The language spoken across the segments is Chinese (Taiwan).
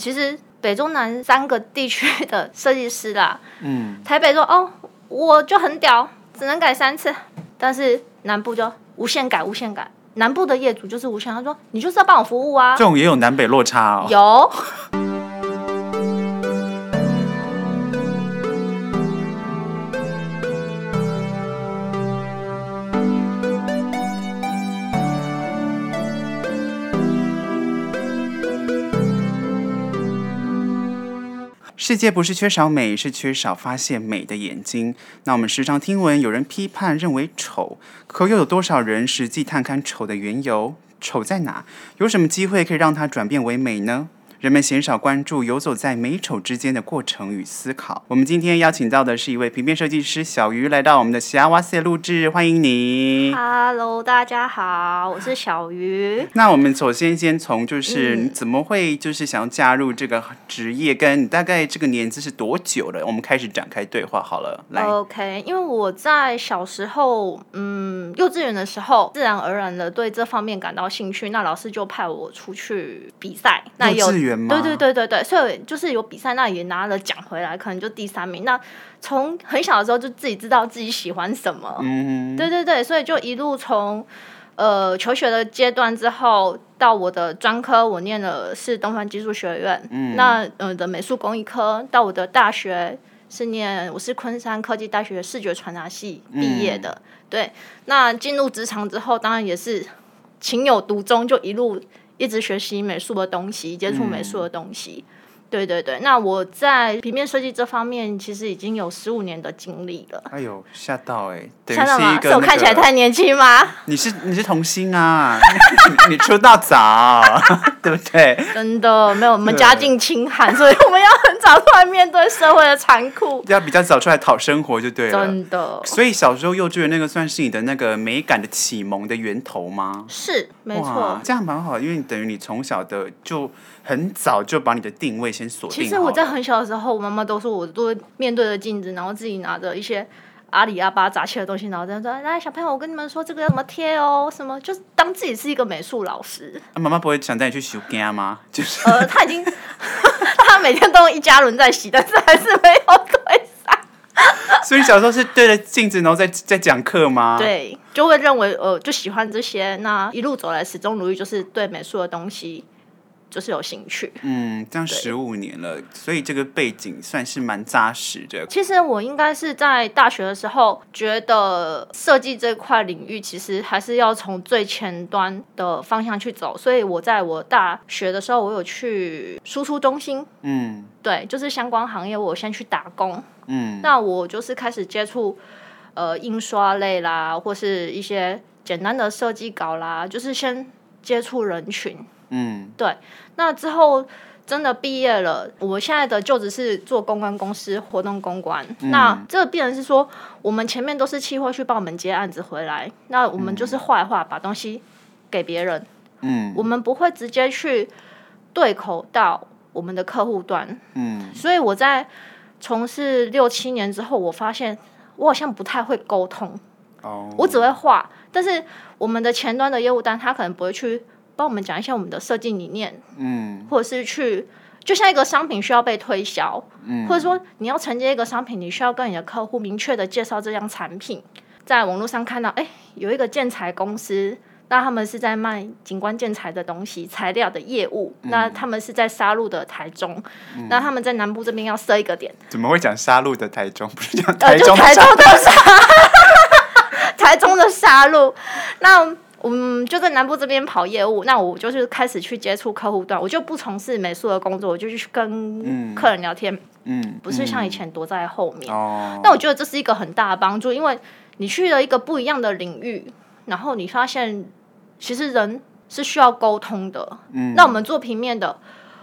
其實北中南三個地區的設計師啦，嗯，台北說哦，我就很屌，只能改三次，但是南部就無限改，無限改，南部的業主就是無限。他說你就是要幫我服務啊，這種也有南北落差哦，有。世界不是缺少美，是缺少發現美的眼睛。那我們時常聽聞有人批判，認為醜，可又有多少人實際探勘醜的緣由？醜在哪？有什麼機會可以讓它轉變為美呢？人們鮮少關注遊走在美醜之間的過程與思考。我們今天邀請到的是一位平面設計師小魚，來到我們的西啊灣 SAY 錄制，歡迎你。Hello，大家好，我是小魚。 那我們首先先從就是、嗯、怎麼會就是想要加入這個職業跟，跟你大概這個年紀是多久了？我們開始展開對話好了。來，OK，因為我在小時候，嗯，幼稚園的時候，自然而然的對這方面感到興趣，那老師就派我出去比賽，那幼稚園。對,對對對對對，所以就是有比賽，那也拿了獎回來，可能就第三名。那從很小的時候就自己知道自己喜歡什麼，嗯哼，對對對，所以就一路從呃求學的階段之後，到我的專科，我念的是東方技術學院，嗯，那呃的美術工藝科，到我的大學是念我是昆山科技大學視覺傳達系畢業的，嗯、對。那進入職場之後，當然也是情有獨鍾，就一路。一直學習美術的東西，接觸美術的東西。嗯。對對對，那我在平面設計這方面其實已經有十五年的經歷了。哎呦，嚇到哎、欸！是一個那個、嚇到嗎？是我看起來太年輕嗎？你是你是童星啊， 你出道早， 對不對？真的，沒有，我們家境清寒，對所以我們要很早出來面對社會的殘酷，要比較早出來討生活就對了。真的，所以小時候幼稚園那個算是你的那個美感的啟蒙的源頭嗎？是，沒錯，這樣蠻好，因為你等於你從小的就。很早就把你的定位先鎖定了。其實我在很小的時候，我媽媽都說我都會面對着鏡子，然後自己拿着一些阿里阿巴雜七的東西，然後在說：“來小朋友，我跟你們說，這個要怎麼貼哦？什麼就是當自己是一個美術老師。啊”媽媽不會想帶你去洗鏡嗎？就是呃，他已經她 每天都一家人在洗，但是還是沒有對上。所以小時候是對着鏡子，然後在在講課嗎？對，就會認為呃，就喜歡這些。那一路走來，始終如一，就是對美術的東西。就是有興趣，嗯，這樣十五年了，對所以這個背景算是蠻扎實的。其實我應該是在大學的時候覺得設計這塊領域其實還是要從最前端的方向去走，所以我在我大學的時候，我有去輸出中心，嗯，對，就是相關行業，我先去打工，嗯，那我就是開始接觸呃印刷類啦，或是一些簡單的設計稿啦，就是先接觸人群。嗯，對。那之後真的畢業了，我現在的就只是做公關公司活動公關。嗯、那這變成是說，我們前面都是企劃去幫我們接案子回來，那我們就是畫一畫，嗯、把東西給別人。嗯，我們不會直接去對口到我們的客戶端。嗯，所以我在從事六七年之後，我發現我好像不太會溝通。哦，我只會畫，但是我們的前端的業務單，他可能不會去。幫我們講一下我們的設計理念，嗯，或者是去就像一個商品需要被推銷，嗯，或者說你要承接一個商品，你需要跟你的客戶明確地介紹這樣產品。在網絡上看到，哎，有一個建材公司，那他們是在賣景觀建材的東西材料的業務，嗯、那他們是在沙鹿的台中，嗯、那他們在南部這邊要設一個點。怎麼會講沙鹿的台中，不是講台中，台中、呃就是、台中沙鹿的沙， 台中的沙鹿，那。嗯，我們就在南部這邊跑業務，那我就是開始去接觸客戶端，我就不從事美術的工作，我就去跟客人聊天。嗯，不是像以前躲在後面。哦、嗯、那、嗯、我覺得這是一個很大的幫助，因為你去了一個不一樣的領域，然後你發現其實人是需要溝通的。嗯，那我們做平面的，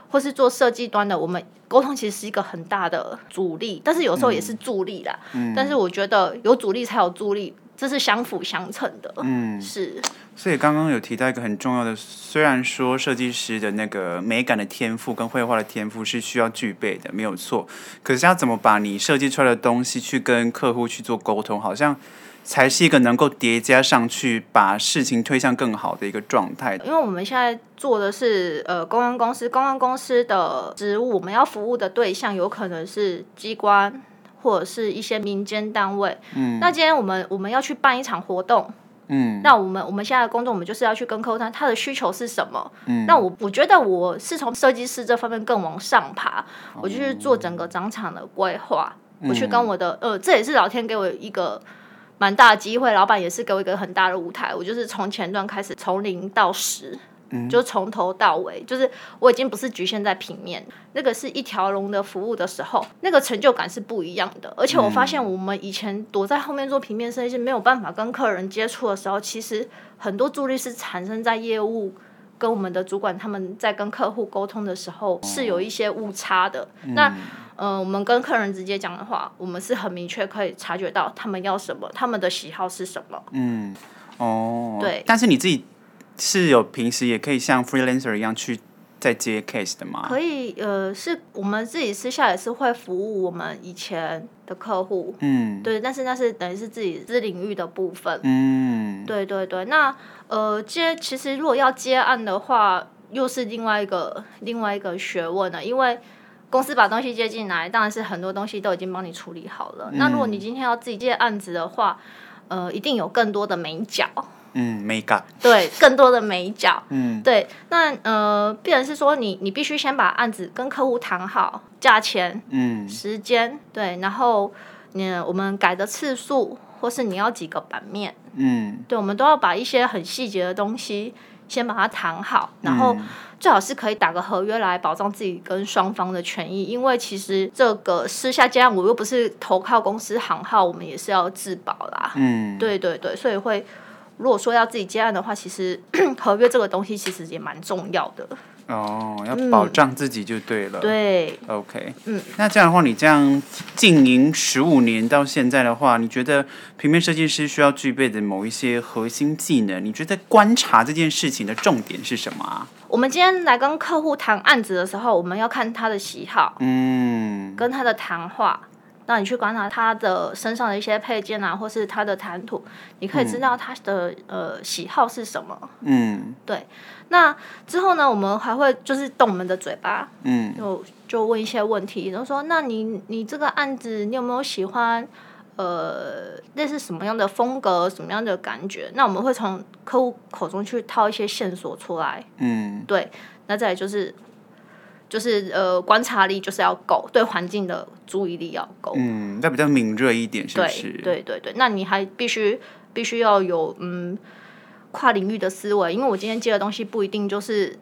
或是做設計端的，我們溝通其實是一個很大的阻力，但是有時候也是助力啦。嗯，但是我覺得有阻力才有助力。這是相輔相成的，嗯，是。所以剛剛有提到一個很重要的，雖然說設計師的那個美感的天賦跟繪畫的天賦是需要具備的，沒有錯。可是要怎麼把你設計出來的東西去跟客戶去做溝通，好像才是一個能夠疊加上去，把事情推向更好的一個狀態。因為我們現在做的是呃公關公司，公關公司的職務，我們要服務的對象有可能是機關。或者是一些民間單位，嗯，那今天我們我們要去辦一場活動，嗯，那我們我們現在的工作，我們就是要去跟客戶談，他的需求是什麼，嗯，那我我覺得我是從設計師這方面更往上爬，嗯，我就是做整個商場的規劃，嗯，我去跟我的呃，這也是老天給我一個蠻大的機會，老闆也是給我一個很大的舞台，我就是從前端開始從零到十。嗯、就從頭到尾，就是我已經不是局限在平面，那個是一條龍的服務的時候，那個成就感是不一樣的。而且我發現，我們以前躲在後面做平面設計，沒有辦法跟客人接觸的時候，其實很多助力是產生在業務跟我們的主管他們在跟客戶溝通的時候，是有一些誤差的。哦、嗯那嗯、呃，我們跟客人直接講的話，我們是很明確可以察覺到他們要什麼，他們的喜好是什麼。嗯，哦，對，但是你自己。是有平時也可以像 freelancer 一樣去再接 case 的嗎？可以，呃，是我們自己私下也是會服務我們以前的客戶，嗯，對，但是那是等於是自己私領域的部分，嗯，對對對。那呃接其實如果要接案的話，又是另外一個另外一個學問了，因為公司把東西接進來，當然是很多東西都已經幫你處理好了。嗯、那如果你今天要自己接案子的話，呃，一定有更多的眉角。嗯，美甲對，更多的美甲。嗯，對，那呃，必然是說你，你必須先把案子跟客戶談好價錢，嗯，時間對，然後你我們改的次數，或是你要幾個版面，嗯，對，我們都要把一些很細節的東西先把它談好，然後最好是可以打個合約來保障自己跟雙方的權益，因為其實這個私下接案我又不是投靠公司行號，我們也是要自保啦。嗯，對對對，所以會。如果說要自己接案的話，其實 合約這個東西其實也蠻重要的。哦，要保障自己就對了。對，OK。嗯，Okay. 嗯，那這樣的話，你這樣經營十五年到現在的話，你覺得平面設計師需要具備的某一些核心技能，你覺得觀察這件事情的重點是什麼啊？我們今天來跟客戶談案子的時候，我們要看他的喜好，嗯，跟他的談話。那你去觀察他的身上的一些配件啊，或是他的談吐，你可以知道他的、嗯、呃喜好是什麼。嗯，對。那之後呢，我們還會就是動我們的嘴巴，嗯，就就問一些問題，就說那你你這個案子你有沒有喜歡呃類似什麼樣的風格，什麼樣的感覺？那我們會從客戶口中去套一些線索出來。嗯，對。那再來就是。就是呃，觀察力就是要夠，對環境的注意力要夠，嗯，那比較敏銳一點，是不是？對對對，那你還必須必須要有嗯跨領域的思維，因為我今天接的東西不一定就是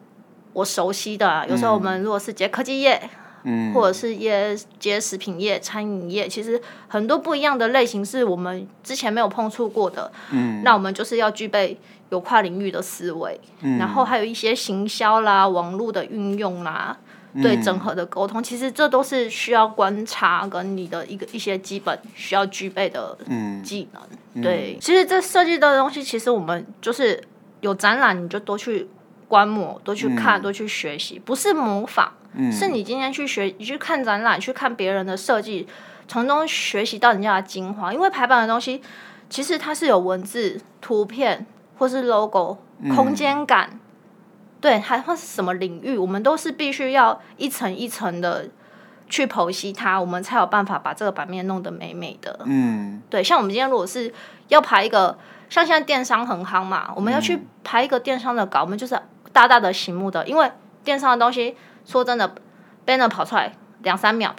我熟悉的啊，嗯，有時候我們如果是接科技業，嗯，或者是接接食品業、餐飲業，其實很多不一樣的類型是我們之前沒有碰觸過的，嗯，那我們就是要具備有跨領域的思維，嗯，然後還有一些行銷啦、網絡的運用啦。對整合的溝通，嗯、其實這都是需要觀察跟你的一個一些基本需要具備的技能。嗯嗯、對，其實這設計的東西，其實我們就是有展覽，你就多去觀摩，多去看，嗯、多去學習，不是模仿，嗯、是你今天去學，你去看展覽，去看別人的設計，從中學習到人家的精華。因為排版的東西，其實它是有文字、圖片或是 logo，空間感。嗯對，還會是什麼領域？我們都是必須要一層一層的去剖析它，我們才有辦法把這個版面弄得美美的。嗯，對，像我們今天如果是要排一個，像現在電商很夯嘛，我們要去排一個電商的稿，嗯、我們就是大大的醒目的，因為電商的東西說真的，banner 跑出來兩三秒，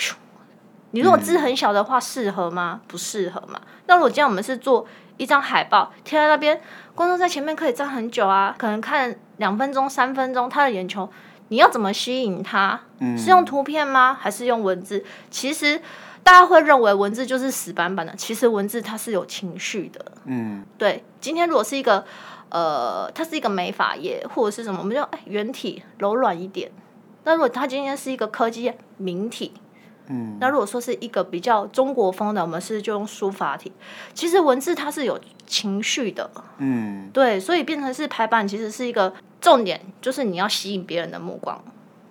你如果字很小的話，適合嗎？不適合嘛。那如果今天我們是做一張海報貼在那邊，觀眾在前面可以站很久啊，可能看。兩分鐘、三分鐘，他的眼球，你要怎麼吸引他？嗯，是用圖片嗎？還是用文字？其實大家會認為文字就是死板板的，其實文字它是有情緒的。嗯，對。今天如果是一個呃，它是一個美髮業或者是什麼，我們就哎圓體柔軟一點。但如果它今天是一個科技明體。嗯，那如果說是一個比較中國風的，我們是就用書法體。其實文字它是有情緒的，嗯，對，所以變成是排版，其實是一個重點，就是你要吸引別人的目光。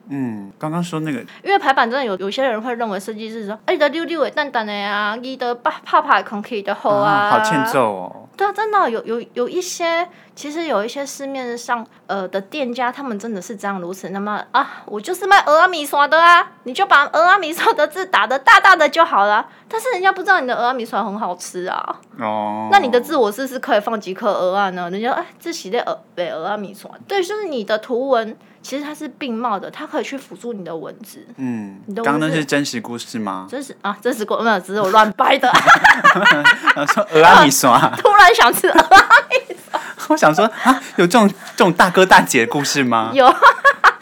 嗯，剛剛說那個，因為排版真的有有些人會認為設計是說，哎，得溜溜淡淡的呀，你的得泡啪的、空氣的吼啊，好欠揍哦。對啊，真的、哦、有有有一些，其實有一些市面上呃的店家，他們真的是這樣如此。那麼啊，我就是賣蚵仔麵線的啊，你就把蚵仔麵線的字打的大大的就好了。但是人家不知道你的蚵仔麵線很好吃啊。哦。Oh. 那你的字我是不是可以放幾顆蚵仔呢？人家哎、啊，這寫的蚵蚵仔麵線。對，就是你的圖文，其實它是並茂的，它可以去輔助你的文字。嗯。講你懂 那是真實故事嗎？真實啊，真實故沒有、啊啊啊，只是我亂掰的。 啊，哈哈！哈哈說蚵仔麵線突然。想吃， 我想說啊，有這種這種大哥大姐的故事嗎？ 有，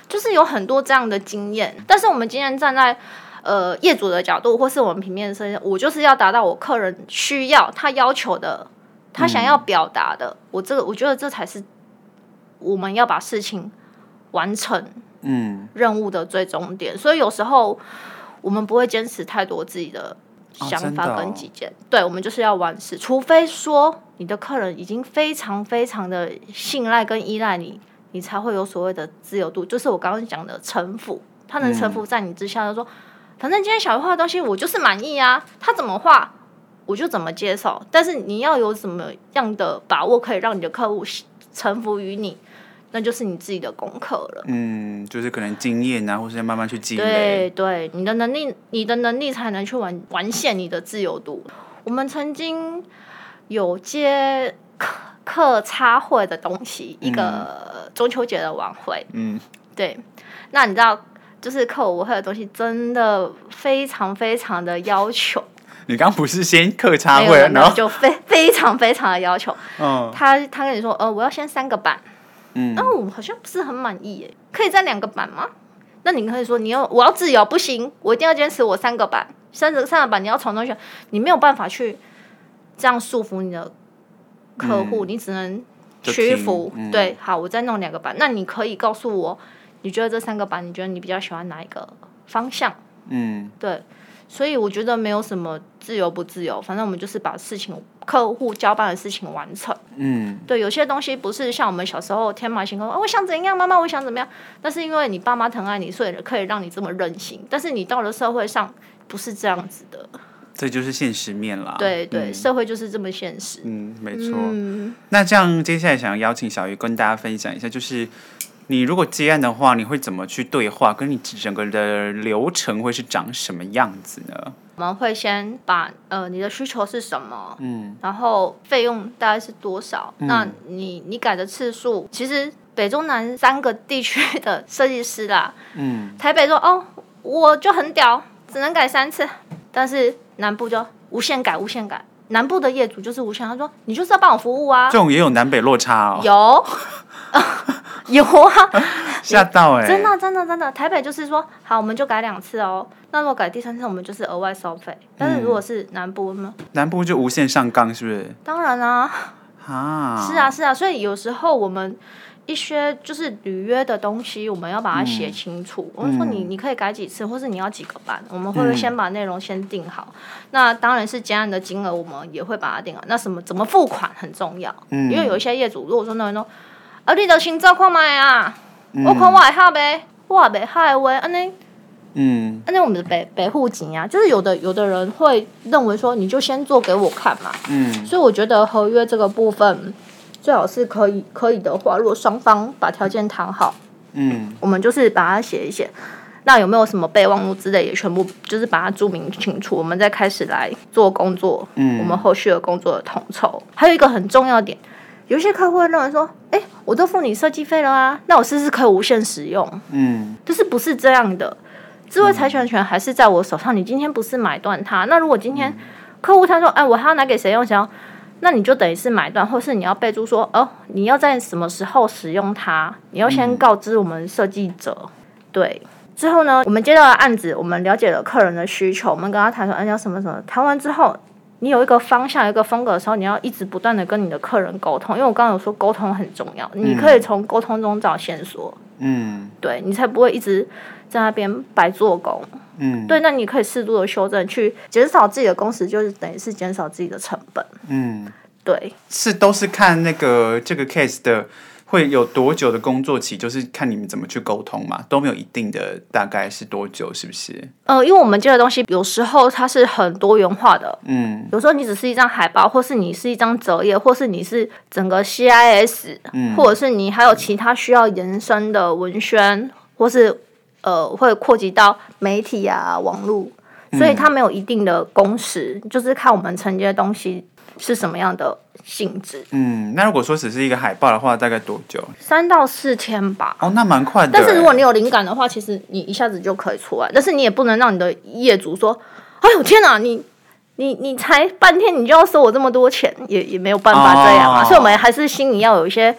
就是有很多這樣的經驗。但是我們今天站在呃業主的角度，或是我們平面設計，我就是要達到我客人需要、他要求的、他想要表達的。嗯、我這個，我覺得這才是我們要把事情完成嗯任務的最終點。嗯、所以有時候我們不會堅持太多自己的想法跟意見。哦哦、對，我們就是要完事，除非說。你的客人已經非常非常的信賴跟依賴你，你才會有所謂的自由度。就是我剛剛講的臣服，他能臣服在你之下，他、嗯、說：“反正今天小魚畫的東西，我就是滿意啊，他怎麼畫，我就怎麼接受。”但是你要有什麼樣的把握，可以讓你的客戶臣服於你，那就是你自己的功課了。嗯，就是可能經驗啊，或是要慢慢去積累。對對，你的能力，你的能力才能去完完現你的自由度。我們曾經。有接客客差會的東西，一個中秋節的晚會。嗯，對。那你知道，就是課我會的東西，真的非常非常的要求。你剛，剛不是先客差會，然後就非非常非常的要求。嗯、哦，他他跟你說，呃，我要先三個版。嗯，那我、哦、好像不是很滿意耶，可以再兩個版嗎？那你可以說，你要我要自由，不行，我一定要堅持我三個版，三個三個版你要從中選，你沒有辦法去，這樣束縛你的客戶，嗯、你只能屈服。停對，嗯、好，我再弄兩個版。那你可以告訴我，你覺得這三個版，你覺得你比較喜歡哪一個方向？嗯，對。所以我覺得沒有什麼自由不自由，反正我們就是把事情客戶交辦的事情完成。嗯，對，有些東西不是像我們小時候天馬行空啊、哦，我想怎樣，媽媽，我想怎麼樣。那是因為你爸媽疼愛你，所以可以讓你這麼任性。但是你到了社會上，不是這樣子的。這就是現實面啦、啊。對對，嗯、社會就是這麼現實。嗯，沒錯。嗯、那這樣，接下來想要邀請小魚跟大家分享一下，就是你如果接案的話，你會怎麼去對話？跟你整個的流程會是長什麼樣子呢？我們會先把呃你的需求是什麼，嗯，然後費用大概是多少？嗯、那你你改的次數，其實北中南三個地區的設計師啦，嗯，台北說哦，我就很屌，只能改三次，但是。南部就無限改無限改，南部的業主就是無限。他說：“你就是要幫我服務啊！”這種也有南北落差哦。有， 有啊，嚇到哎、欸！真的真的真的，台北就是說，好，我們就改兩次哦。那如果改第三次，我們就是額外收費，但是如果是南部呢？嗯、南部就無限上綱，是不是？當然啦，啊，啊是啊是啊，所以有時候我們。一些就是履約的東西，我們要把它寫清楚。嗯、我們說你你可以改幾次，或是你要幾個版，嗯、我們會，不會先把內容先定好。嗯、那當然是交案的金額，我們也會把它定好。那什麼怎麼付款很重要，嗯、因為有一些業主如果說那人說啊，你的心照看買看啊，嗯、我看我，買我買好唄，哇唄嗨喂，安呢？嗯，安呢？我們的北北付錢呀，就是有的有的人會認為說，你就先做給我看嘛。嗯，所以我覺得合約這個部分。最好是可以可以的話，如果雙方把條件談好，嗯，我們就是把它寫一寫。那有沒有什麼備忘錄之類，也全部就是把它註明清楚，我們再開始來做工作。嗯，我們後續的工作的統籌，還有一個很重要點，有一些客戶會認為說，哎、欸，我都付你設計費了啊，那我是不是可以無限使用？嗯，就是不是這樣的，智慧財產權還是在我手上。你今天不是買斷它，那如果今天客戶他說，哎，我還要拿給誰用？想要。那你就等於是買斷，或是你要備註說哦，你要在什麼時候使用它，你要先告知我們設計者。嗯、對，之後呢，我們接到的案子，我們了解了客人的需求，我們跟他談說，哎、嗯，要什麼什麼。談完之後，你有一個方向、一個風格的時候，你要一直不斷的跟你的客人溝通，因為我剛剛有說溝通很重要，嗯、你可以從溝通中找線索。嗯，對，你才不會一直。在那邊白做工，嗯，對，那你可以適度的修正，去減少自己的工時，就是等於是減少自己的成本，嗯，對，是都是看那個這個 case 的會有多久的工作期，就是看你們怎麼去溝通嘛，都沒有一定的大概是多久，是不是？呃，因為我們這個東西有時候它是很多元化的，嗯，有時候你只是一張海報，或是你是一張折頁，或是你是整個 CIS，嗯，或者是你還有其他需要延伸的文宣，嗯、或是。呃，會擴及到媒體啊、網絡，所以它沒有一定的工時，嗯、就是看我們承接的東西是什麼樣的性質。嗯，那如果說只是一個海報的話，大概多久？三到四天吧。哦，那蠻快的。但是如果你有靈感的話，其實你一下子就可以出來。但是你也不能讓你的業主說：“哎呦天哪，你你你才半天，你就要收我這麼多錢，也也沒有辦法這樣啊。”哦，所以我們還是心裡要有一些。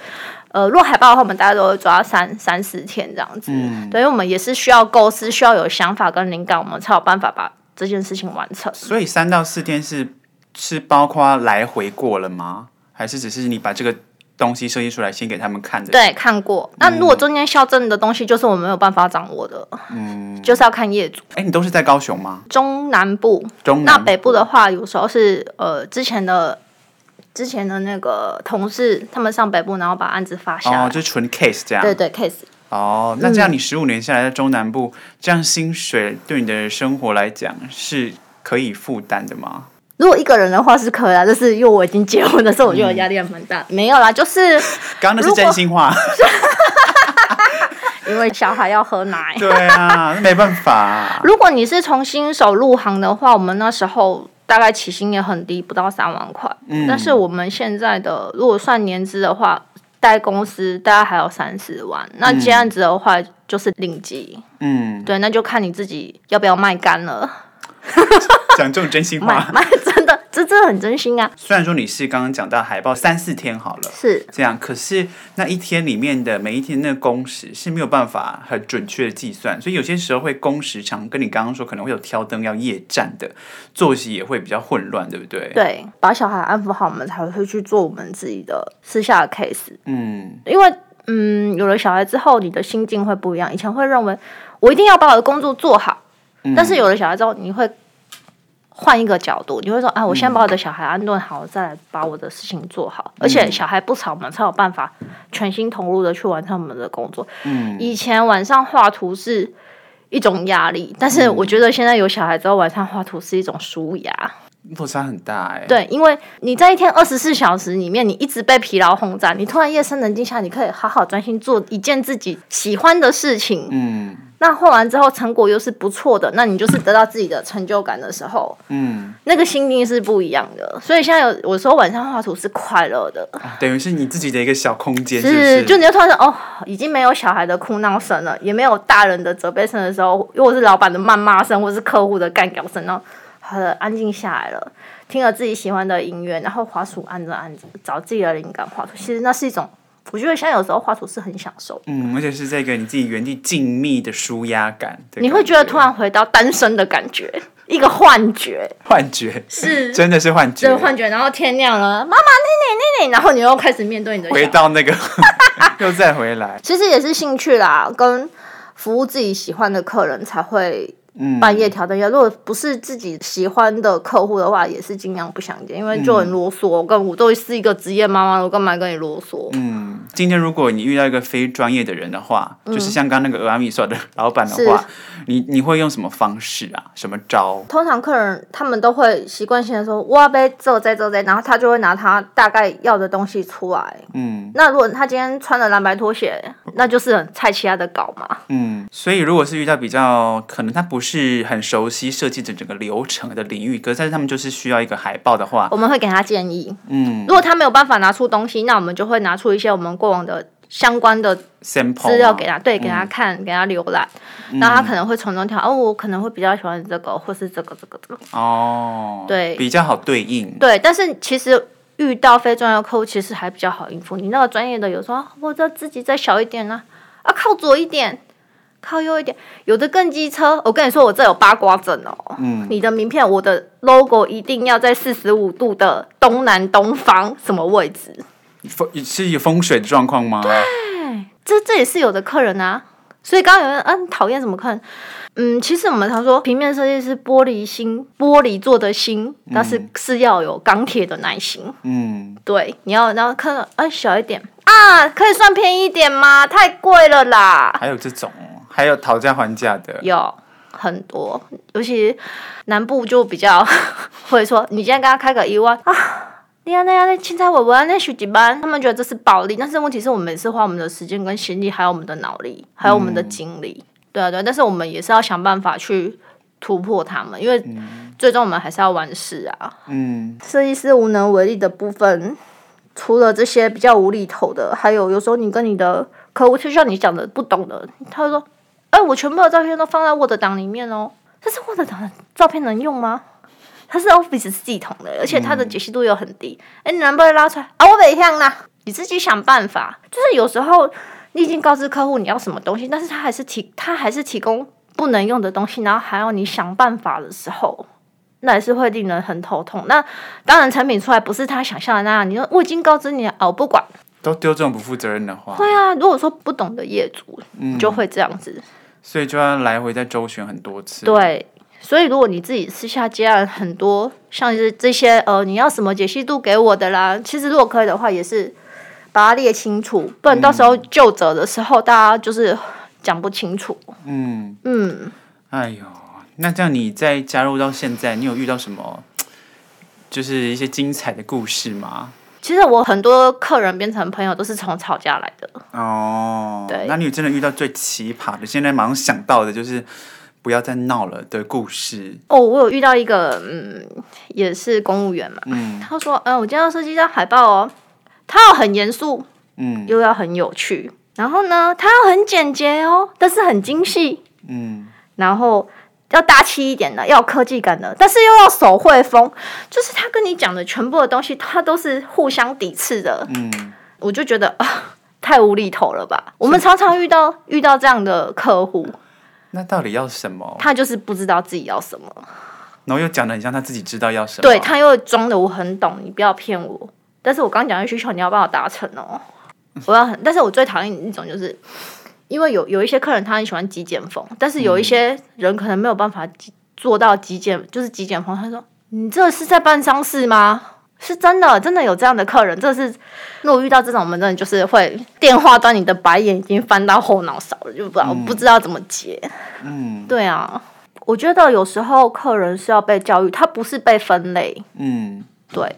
呃，落海報的話，我們大概都會抓三三四天這樣子，嗯，等於我們也是需要構思，需要有想法跟靈感，我們才有辦法把這件事情完成。所以三到四天是是包括來回過了嗎？還是只是你把這個東西設計出來先給他們看的？對，看過。那如果中間校正的東西，就是我們沒有辦法掌握的，嗯，就是要看業主。哎、欸，你都是在高雄嗎？中南部，中南部。那北部的話，有時候是呃之前的。之前的那個同事，他們上北部，然後把案子發下來。哦，就純 case 這樣。對對，case。哦，那這樣你十五年下來在中南部，嗯、這樣薪水對你的生活來講是可以負擔的嗎？如果一個人的話是可以。啊，就是因為我已經結婚的時候，我就有壓力蠻大。嗯、沒有啦，就是剛剛那是真心話，如果 因為小孩要喝奶。 對啊，沒辦法。啊。如果你是從新手入行的話，我們那時候。大概起薪也很低，不到三萬塊。嗯、但是我們現在的如果算年資的話，帶公司大概還有三十萬。那這樣子的話，嗯、就是領級。嗯，對，那就看你自己要不要賣肝了。嗯 講這種真心話，真的，這真的很真心啊。雖然說你是剛剛講到海報三四天好了，是這樣，可是那一天裡面的每一天那工時是沒有辦法很準確的計算，所以有些時候會工時長，跟你剛剛說可能會有挑燈要夜戰的作息也會比較混亂，對不對？對，把小孩安撫好，我們才會去做我們自己的私下的 case。嗯，因為嗯有了小孩之後，你的心境會不一樣。以前會認為我一定要把我的工作做好，嗯、但是有了小孩之後，你會。換一個角度，你會說啊，我先把我的小孩安頓好，嗯、再來把我的事情做好。而且小孩不吵嘛，嗯、才有辦法全心投入的去完成我們的工作。嗯，以前晚上畫圖是一種壓力，但是我覺得現在有小孩之後，晚上畫圖是一種舒壓。落差很大哎、欸。對，因為你在一天二十四小時裡面，你一直被疲勞轟炸，你突然夜深人靜下，你可以好好專心做一件自己喜歡的事情。嗯。那畫完之後，成果又是不錯的，那你就是得到自己的成就感的時候，嗯，那個心境是不一樣的。所以現在有，有時候晚上畫圖是快樂的，啊、等於是你自己的一個小空間，是，是，是就你就突然說哦，已經沒有小孩的哭鬧聲了，也沒有大人的責備聲的時候，如果是老闆的謾罵聲，或是客戶的幹譙聲，然後好的安靜下來了，聽了自己喜歡的音樂，然後滑鼠按着按着找自己的靈感畫圖，其實那是一種。我覺得像有時候畫圖是很享受的，嗯，而且是這個你自己原地靜謐的舒壓感，感，你會覺得突然回到單身的感覺，一個幻覺，幻覺是 真的是幻覺，真的幻覺。然後天亮了，媽媽，你你你你，然後你又開始面對你的回到那個 又再回來，其實也是興趣啦，跟服務自己喜歡的客人才會。嗯、半夜調單一下，如果不是自己喜歡的客戶的話，也是盡量不想見，因為就很囉嗦、嗯。我跟我都是一個職業媽媽，我幹嘛跟你囉嗦？嗯，今天如果你遇到一個非專業的人的話，嗯、就是像剛剛那個俄密說的老板的話，是你你會用什麼方式啊？什麼招？通常客人他們都會習慣性的說哇，要走在走在，然後他就會拿他大概要的東西出來。嗯，那如果他今天穿了藍白拖鞋，不那就是很菜其他的稿嘛。嗯，所以如果是遇到比較可能他不。是很熟悉設計整整個流程的領域，可是，但是他們就是需要一個海報的話，我們會給他建議。嗯，如果他沒有辦法拿出東西，那我們就會拿出一些我們過往的相關的資料給他，對，嗯、給他看，給他瀏覽，那、嗯、他可能會從中挑。哦，我可能會比較喜歡這個，或是這個，這個，這個。哦，對，比較好對應。對，但是其實遇到非專業客戶，其實還比較好應付。你那個專業的有時候，我這自己再小一點啦，啊，啊，靠左一點。靠右一點，有的更機車。我跟你說，我這有八卦陣哦。嗯，你的名片，我的 logo 一定要在四十五度的東南東方什麼位置。風是有風水的狀況嗎？對，這這也是有的客人啊。所以剛剛有人，嗯、啊，討厭什麼客人？嗯，其實我們常說平面設計是玻璃心，玻璃做的心，嗯、但是是要有鋼鐵的耐心。嗯，對，你要，然後看，哎、啊，小一點啊，可以算便宜一點嗎？太貴了啦。還有這種、欸。還有討價還價的，有很多，尤其南部就比較， 會說你今天跟他開個一萬啊，那樣那樣，那青菜我問那十幾班，他們覺得這是暴利，但是問題是我們每次花我們的時間跟心力，還有我們的腦力，還有我們的精力，嗯、對啊對，但是我們也是要想辦法去突破他們，因為最終我們還是要完事啊。嗯，設計師無能為力的部分，除了這些比較無厘頭的，還有有時候你跟你的客戶就像你講的不懂的，他會說。哎、欸，我全部的照片都放在 Word 檔裡面哦。但是 Word 檔的的照片能用嗎？它是 Office 系統的，而且它的解析度又很低。哎、嗯欸，你能不能拉出來？啊，我北向了，你自己想辦法。就是有時候你已經告知客戶你要什麼東西，但是他還是提他還是提供不能用的東西，然後還要你想辦法的時候，那還是會令人很頭痛。那當然，產品出來不是他想象的那樣。你說我已經告知你了、啊，我不管，都丟這種不負責任的話。對啊，如果說不懂的業主，嗯、就會這樣子。所以就要來回再周旋很多次。對，所以如果你自己私下接案很多，像是這些呃，你要什麼解析度給我的啦，其實如果可以的話，也是把它列清楚，不然到時候就責的時候，大家就是講不清楚。嗯嗯，嗯，哎呦，那這樣你在加入到現在，你有遇到什麼就是一些精彩的故事嗎？其實我很多客人變成朋友都是從吵架來的哦。Oh, 對，那你有真的遇到最奇葩的？現在馬上想到的就是不要再鬧了的故事。哦，oh, 我有遇到一個，嗯，也是公務員嘛。嗯，他說，嗯，我今天要設計一張海報哦，他要很嚴肅，嗯，又要很有趣，然後呢，他要很簡潔哦，但是很精細，嗯，然後。要大氣一點的，要科技感的，但是又要手繪風，就是他跟你講的全部的東西，他都是互相抵觸的。嗯，我就覺得，呃，太無厘頭了吧。的我們常常遇到遇到這樣的客戶，那到底要什麼？他就是不知道自己要什麼，然後又講的很像他自己知道要什麼。對，他又裝的我很懂，你不要騙我。但是我剛剛講的需求你要幫我達成哦， 我要很。但是我最討厭一種就是。因為有有一些客人他很喜歡極簡風，但是有一些人可能沒有辦法、嗯、做到極簡，就是極簡風。他說：“你這是在辦喪事嗎？”是真的，真的有這樣的客人。這是，如果遇到這種，我們真的就是會電話到你的白眼已經翻到後腦勺了，就不知道、嗯、不知道怎麼接。嗯， 對啊，我覺得有時候客人是要被教育，他不是被分類。嗯，對，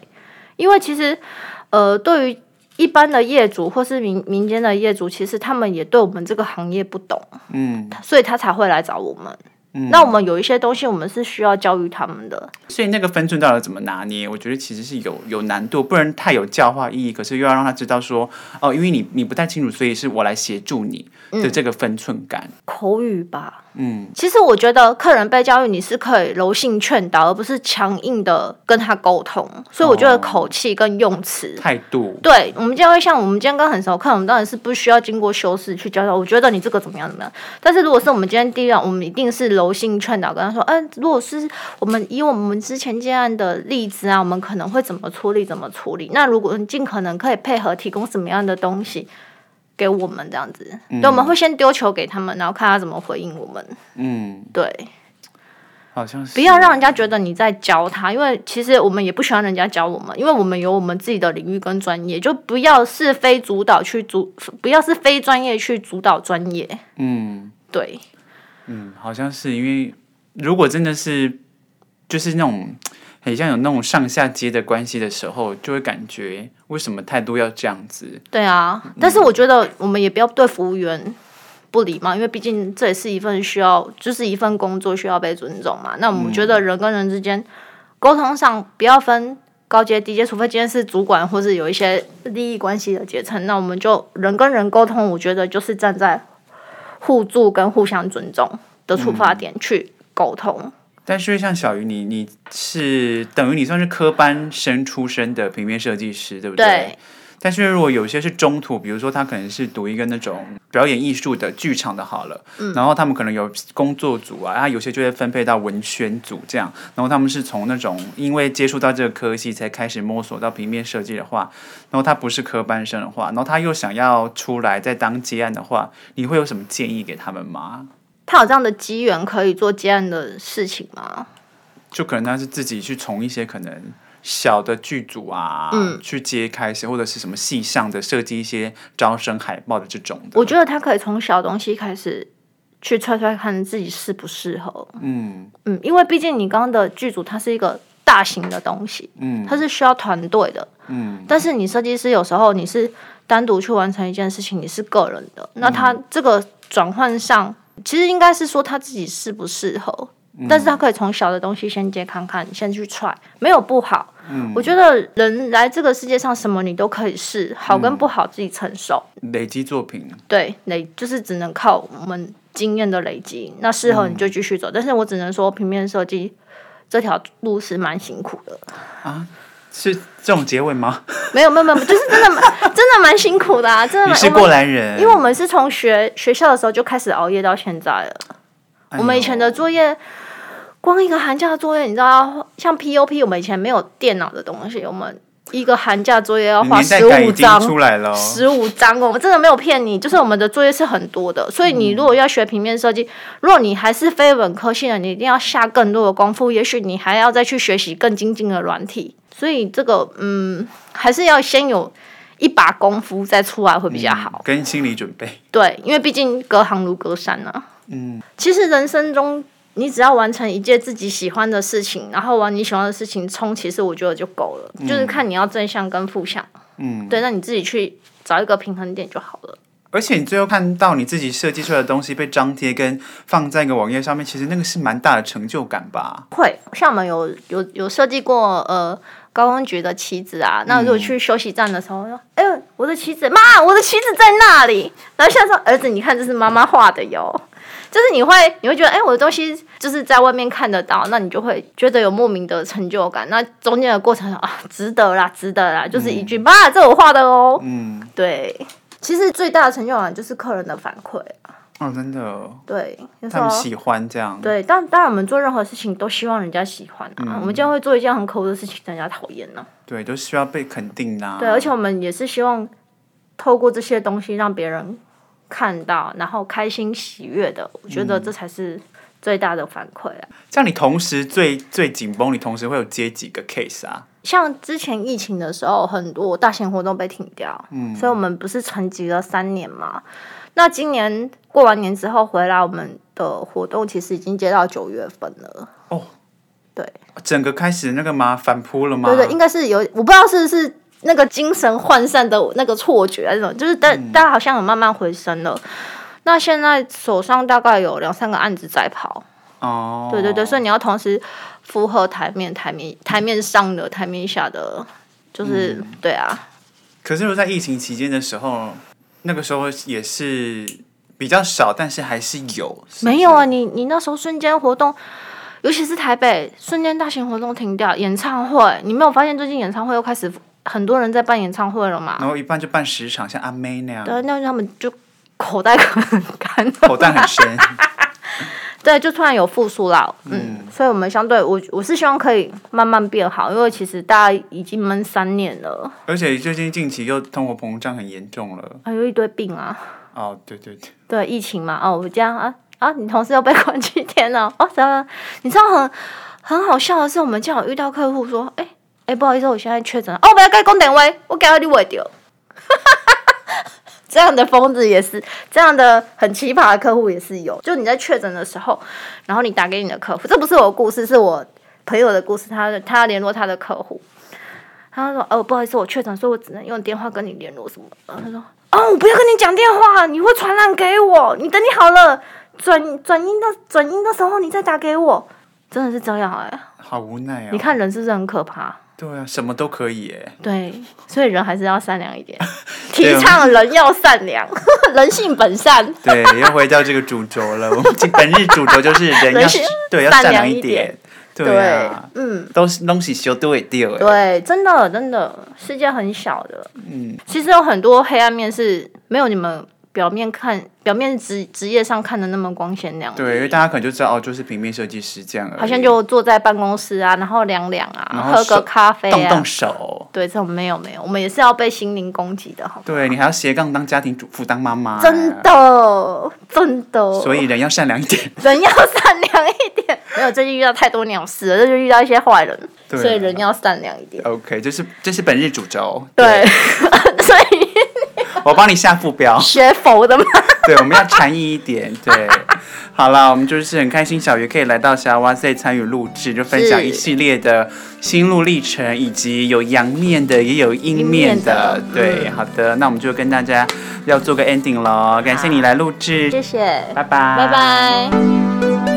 因為其實呃，對於。一般的業主或是民民間的業主，其實他們也對我們這個行業不懂，嗯，所以他才會來找我們。嗯、那我們有一些東西，我們是需要教育他們的。所以那個分寸到底怎麼拿捏，我覺得其實是有有難度，不能太有教化意義，可是又要讓他知道說，哦，因為你你不太清楚，所以是我來協助你的這個分寸感，嗯、口語吧。嗯，其實我覺得客人被教育，你是可以柔性勸導，而不是強硬的跟他溝通。所以我覺得口氣跟用詞、態度，對我們今天會像我們今天剛剛很熟看，我們當然是不需要經過修飾去教導。我覺得你這個怎麼樣怎麼樣？但是如果是我們今天第一案，我們一定是柔性勸導，跟他說，嗯，如果是我們以我們之前這樣的例子啊，我們可能會怎麼處理，怎麼處理？那如果你盡可能可以配合，提供什麼樣的東西？給我們這樣子，嗯、對，我們會先丟球給他們，然後看他怎麼回應我們。嗯，對，好像是不要讓人家覺得你在教他，因為其實我們也不喜歡人家教我們，因為我們有我們自己的領域跟專業，就不要是非主導去主，不要是非專業去主導專業。嗯，對，嗯，好像是因為如果真的是就是那種。很像有那種上下級的關係的時候，就會感覺，為什麼態度要這樣子？對啊，嗯、但是我覺得我們也不要對服務員不禮貌，因為畢竟這也是一份需要，就是一份工作需要被尊重嘛。那我們覺得人跟人之間溝通上不要分高階低階，除非今天是主管或是有一些利益關係的階層，那我們就人跟人溝通，我覺得就是站在互助跟互相尊重的出發點去溝通。嗯但是像小魚，你你是等於你算是科班生出身的平面設計師，對不對？對。但是如果有些是中途，比如說他可能是讀一個那種表演藝術的劇場的，好了，嗯，然後他們可能有工作組啊，啊，有些就會分配到文宣組這樣。然後他們是從那種因為接觸到這個科系才開始摸索到平面設計的話，然後他不是科班生的話，然後他又想要出來再當接案的話，你會有什麼建議給他們嗎？他有這樣的機緣可以做接案的事情嗎？就可能他是自己去從一些可能小的劇組啊，嗯、去揭開些或者是什麼戲上的設計，一些招生海報的這種的。我覺得他可以從小東西開始去踹踹看自己適不適合。嗯嗯，因為畢竟你剛剛的劇組它是一個大型的東西，嗯，它是需要團隊的，嗯。但是你設計師有時候你是單獨去完成一件事情，你是個人的，嗯、那他這個轉換上。其實應該是說他自己適不適合，嗯、但是他可以從小的東西先接看看，你先去 try，沒有不好。嗯、我覺得人來這個世界上，什麼你都可以試，好跟不好自己承受、嗯。累積作品，對，累就是只能靠我們經驗的累積。那適合你就繼續走，嗯、但是我只能說平面設計這條路是蠻辛苦的啊。是這種結尾嗎？沒有，沒有，沒有，就是真的蠻， 真的蠻辛苦的啊，真的蠻辛苦的，真的。蠻辛苦。你是過來人，因為我們是從學學校的時候就開始熬夜到現在了。哎、呦我們以前的作業，光一個寒假的作業，你知道，像 POP，我們以前沒有電腦的東西，我們。一個寒假作業要畫十五張，十五、哦、張哦，我真的沒有騙你，就是我們的作業是很多的，所以你如果要學平面設計，如果、嗯、你還是非文科系的，你一定要下更多的功夫，也許你還要再去學習更精進的軟體，所以這個嗯，還是要先有一把功夫再出來會比較好，嗯、跟心理準備，對，因為畢竟隔行如隔山呢、啊，嗯，其實人生中。你只要完成一件自己喜歡的事情，然後往你喜歡的事情衝，其實我覺得就夠了。嗯、就是看你要正向跟負向，嗯，對，那你自己去找一個平衡點就好了。而且你最後看到你自己設計出來的東西被張貼跟放在一個網頁上面，其實那個是蠻大的成就感吧？會，像我們有有有設計過呃，高公局的棋子啊，那如果去休息站的時候，嗯、說哎呦，我的棋子，媽，我的棋子在那裡。然後現在說，兒子，你看這是媽媽畫的喲。就是你會，你會覺得，哎、欸，我的東西就是在外面看得到，那你就會覺得有莫名的成就感。那中間的過程啊，值得啦，值得啦，就是一句“媽、嗯啊，這我畫的哦。”嗯，對。其實最大的成就感就是客人的反饋啊。哦，真的。對，他們喜歡這樣。對，但當然我們做任何事情都希望人家喜歡啊。嗯、我們就會做一件很可惡的事情，讓人家討厭呢、啊。對，都需要被肯定的、啊。對，而且我們也是希望透過這些東西讓別人看到，然後開心喜悅的，我覺得這才是最大的反饋啊！嗯，像你同時最最緊繃，你同時會有接幾個 case 啊？像之前疫情的時候，很多大型活動被停掉，嗯，所以我們不是沉寂了三年嘛？那今年過完年之後回來，我們的活動其實已經接到九月份了。哦，對，整個開始那個嗎？反撲了嗎？對對，應該是有，我不知道是不是，那個精神渙散的那個錯覺，那種就是但，但、嗯、大家好像有慢慢回升了。那現在手上大概有兩三個案子在跑，哦，對對對，所以你要同時符合台面、台面、台面上的、台面下的，就是、嗯、對啊。可是我在疫情期間的時候，那個時候也是比較少，但是還是有。是不是？沒有啊，你你那時候瞬間活動，尤其是台北瞬間大型活動停掉，演唱會，你沒有發現最近演唱會又開始。很多人在辦演唱會了嘛，然後一辦就辦十場，像阿妹那樣。對，那他們就口袋很乾，口袋很深。 對，就突然有復甦啦，嗯。嗯，所以我們相對，我我是希望可以慢慢變好，因為其實大家已經悶三年了。而且最近近期又通貨膨脹很嚴重了，還、啊、有一堆病啊。哦，oh, 對對對。對，疫情嘛，哦，我這樣啊啊，你同事又被關幾天了？哦，咋了？你知道很很好笑的是，我們正好遇到客戶說，哎。哎、欸，不好意思，我現在確診哦，我不要改供電位，我改了你未丟哈哈哈哈！ 這樣的瘋子也是，這樣的很奇葩的客戶也是有。就你在確診的時候，然後你打給你的客戶，這不是我的故事，是我朋友的故事。他他聯絡他的客戶，他說：“哦，不好意思，我確診，所以我只能用電話跟你聯絡。”什麼？然後他說：“哦，我不要跟你講電話，你會傳染給我。你等你好了，轉轉陰的轉陰的時候，你再打給我。”真的是這樣、欸，哎，好無奈啊、哦、你看人是不是很可怕？對啊，什麼都可以耶。對，所以人還是要善良一點，提倡人要善良， 啊、人性本善。對，又回到這個主軸了。我們本日主軸就是人要， 人性要善良一點。一點。對啊，對，嗯，東西修都會丟。對。對，真的真的，世界很小的。嗯，其實有很多黑暗面是沒有你們。表面看，表面職職業上看得那麼光鮮亮麗，對，因為大家可能就知道哦，就是平面設計師這樣，好像就坐在辦公室啊，然後涼涼啊，喝個咖啡，啊，動動手。對，這種沒有沒有，我們也是要被心靈攻擊的，好不好？對，你還要斜槓當家庭主婦當媽媽，啊，真的真的。所以人要善良一點，人要善良一點。沒有最近遇到太多鳥事了，這就遇到一些壞人，對了，所以人要善良一點。OK，這，就是這，就是本日主軸。對，對 所以。我幫你下副標，學佛的嗎？對，我們要禪意一點。 對，好了，我們就是很開心，小魚可以來到西啊灣 SAY 參與錄製，是就分享一系列的心路歷程，以及有陽面的，也有陰面的。面的對，嗯、好的，那我們就跟大家要做個 ending 嘍。感謝你來錄製，謝謝，拜拜 bye，拜拜。